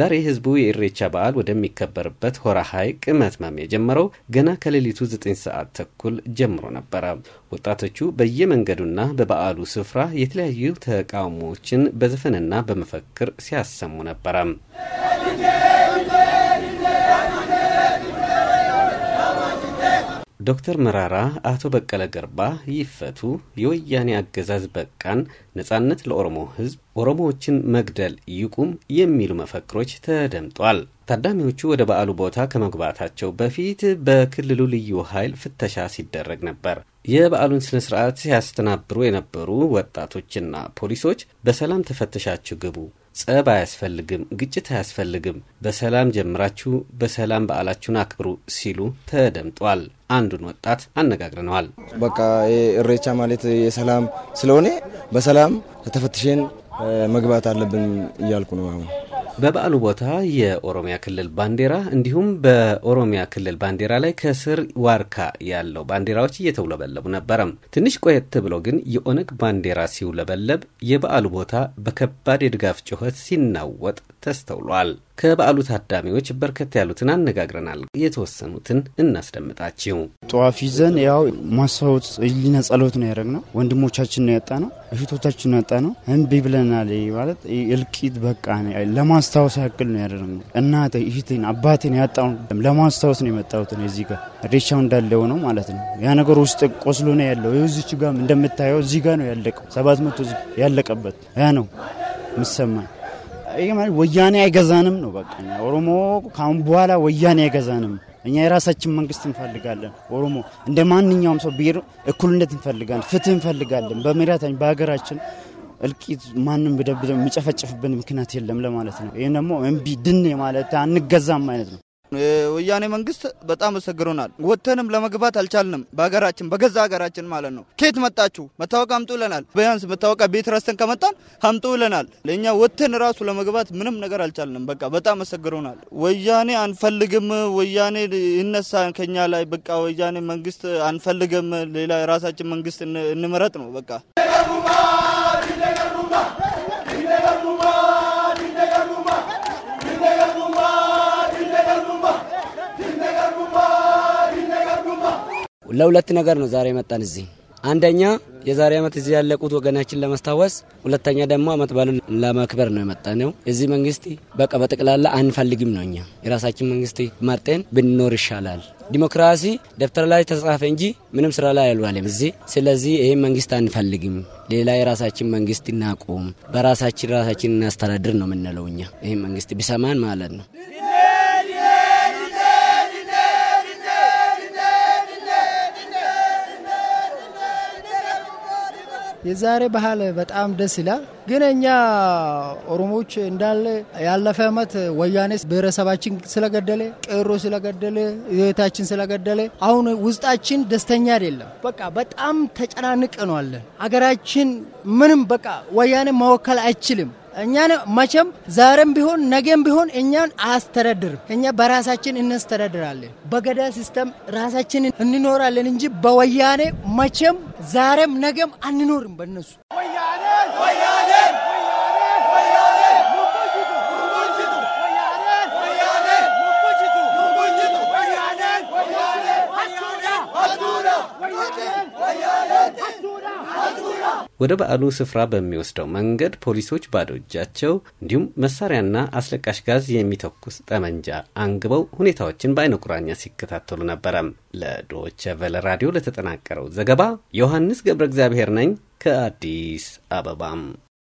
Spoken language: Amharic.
ዛሬ ህዝቡ የኢሬቻ በዓል ወደሚከበርበት ሆራ ሐይቅ መትመም የጀመረው ገና ከሌሊቱ 9 ሰዓት ተኩል ጀምሮ ነበረ። ወጣቶቹ በየመንገዱና በበዓሉ ስፍራ የተለያዩ ተቃውሞዎችን በዘፈንና በመፈክር ሲያሰሙ ነበረ። ዶክተር መራራ አቶ በቀለ ገርባ ይፈቱ፣ የወያኔ አገዛዝ በቃን፣ ነጻነት ለኦሮሞ ሕዝብ፣ ኦሮሞዎችን መግደል ይቁም የሚሉ መፈክሮች ተደምጧል። ታዳሚዎቹ ወደ በዓሉ ቦታ ከመግባታቸው በፊት በክልሉ ልዩ ኃይል ፍተሻ ሲደረግ ነበር። የበዓሉን ስነ ስርዓት ሲያስተናብሩ የነበሩ ወጣቶችና ፖሊሶች በሰላም ተፈትሻችሁ ግቡ ጸብ አያስፈልግም፣ ግጭት አያስፈልግም፣ በሰላም ጀምራችሁ በሰላም በዓላችሁን አክብሩ ሲሉ ተደምጧል። አንዱን ወጣት አነጋግረነዋል። በቃ እሬቻ ማለት የሰላም ስለሆነ በሰላም ተፈትሸን መግባት አለብን እያልኩ ነው አሁን በበዓሉ ቦታ የኦሮሚያ ክልል ባንዲራ እንዲሁም በኦሮሚያ ክልል ባንዲራ ላይ ከስር ዋርካ ያለው ባንዲራዎች እየተውለበለቡ ነበረም። ትንሽ ቆየት ብሎ ግን የኦነግ ባንዲራ ሲውለበለብ የበዓሉ ቦታ በከባድ የድጋፍ ጩኸት ሲናወጥ ተስተውሏል። ከበዓሉ ታዳሚዎች በርከት ያሉትን አነጋግረናል። የተወሰኑትን እናስደምጣችው። ጠዋፍ ይዘን ያው ማስታወት ሊነ ጸሎት ነው ያደረግነው። ወንድሞቻችን ነው ያጣ ነው፣ እህቶቻችን ነው ያጣ ነው። እምቢ ብለናል ማለት እልቂት በቃ ለማስታወስ ያክል ነው ያደረግነው። እናቴ እህቴን፣ አባቴን ያጣው ለማስታወስ ነው የመጣሁት ነው እዚህ ጋር ሬሻው እንዳለው ነው ማለት ነው። ያ ነገር ውስጥ ቆስሎ ነው ያለው። እዚች ጋ እንደምታየው እዚህ ጋ ነው ያለቀው። ሰባት መቶ ያለቀበት ያ ነው ምሰማኝ ወያኔ አይገዛንም ነው በቃ። ኦሮሞ ካሁን በኋላ ወያኔ አይገዛንም። እኛ የራሳችን መንግስት እንፈልጋለን። ኦሮሞ እንደ ማንኛውም ሰው ብሄር እኩልነት እንፈልጋለን፣ ፍትህ እንፈልጋለን። በሜዳታኝ በሀገራችን እልቂት ማንም ብደብደ የሚጨፈጨፍብን ምክንያት የለም ለማለት ነው። ይህም ደግሞ እምቢ ድን ማለት አንገዛም አይነት ነው። ወያኔ መንግስት በጣም አስቸግሮናል። ወጥተንም ለመግባት አልቻልንም። በሀገራችን በገዛ ሀገራችን ማለት ነው። ኬት መጣችሁ መታወቅ አምጡ ይለናል። ቢያንስ መታወቂያ ቤት ረስተን ከመጣን አምጡ ይለናል። ለእኛ ወጥተን ራሱ ለመግባት ምንም ነገር አልቻልንም። በቃ በጣም አስቸግሮናል። ወያኔ አንፈልግም፣ ወያኔ ይነሳ ከኛ ላይ በቃ ወያኔ መንግስት አንፈልግም፣ ሌላ የራሳችን መንግስት እንምረጥ ነው በቃ ለሁለት ነገር ነው ዛሬ መጣን እዚህ። አንደኛ የዛሬ ዓመት እዚህ ያለቁት ወገናችን ለማስታወስ፣ ሁለተኛ ደግሞ ዓመት በዓሉን ለማክበር ነው የመጣ ነው። እዚህ መንግስት በቃ በጠቅላላ አንፈልግም ነው እኛ የራሳችን መንግስት መርጠን ብንኖር ይሻላል። ዲሞክራሲ ደብተር ላይ ተጻፈ እንጂ ምንም ስራ ላይ አልዋለም እዚህ። ስለዚህ ይህ መንግስት አንፈልግም፣ ሌላ የራሳችን መንግስት እናቁም፣ በራሳችን ራሳችን እናስተዳድር ነው የምንለው እኛ። ይህ መንግስት ቢሰማን ማለት ነው የዛሬ ባህል በጣም ደስ ይላል። ግን እኛ ኦሮሞዎች እንዳለ ያለፈ አመት ወያኔ ብሔረሰባችን ስለገደለ፣ ቄሮ ስለገደለ፣ እህታችን ስለገደለ አሁን ውስጣችን ደስተኛ አይደለም። በቃ በጣም አለን። አገራችን ምንም በቃ ወያኔ መወከል አይችልም። እኛ መቼም ዛሬም ቢሆን ነገም ቢሆን እኛን አያስተዳድርም። እኛ በራሳችን እናስተዳድራለን። በገዳ ሲስተም ራሳችን እንኖራለን እንጂ በወያኔ መቼም ዛሬም ነገም አንኖርም። በነሱ ወያኔ ወደ በዓሉ ስፍራ በሚወስደው መንገድ ፖሊሶች ባዶ እጃቸው እንዲሁም መሳሪያና አስለቃሽ ጋዝ የሚተኩስ ጠመንጃ አንግበው ሁኔታዎችን በአይነ ቁራኛ ሲከታተሉ ነበረም። ለዶቼ ቨለ ራዲዮ ለተጠናቀረው ዘገባ ዮሐንስ ገብረ እግዚአብሔር ነኝ ከአዲስ አበባም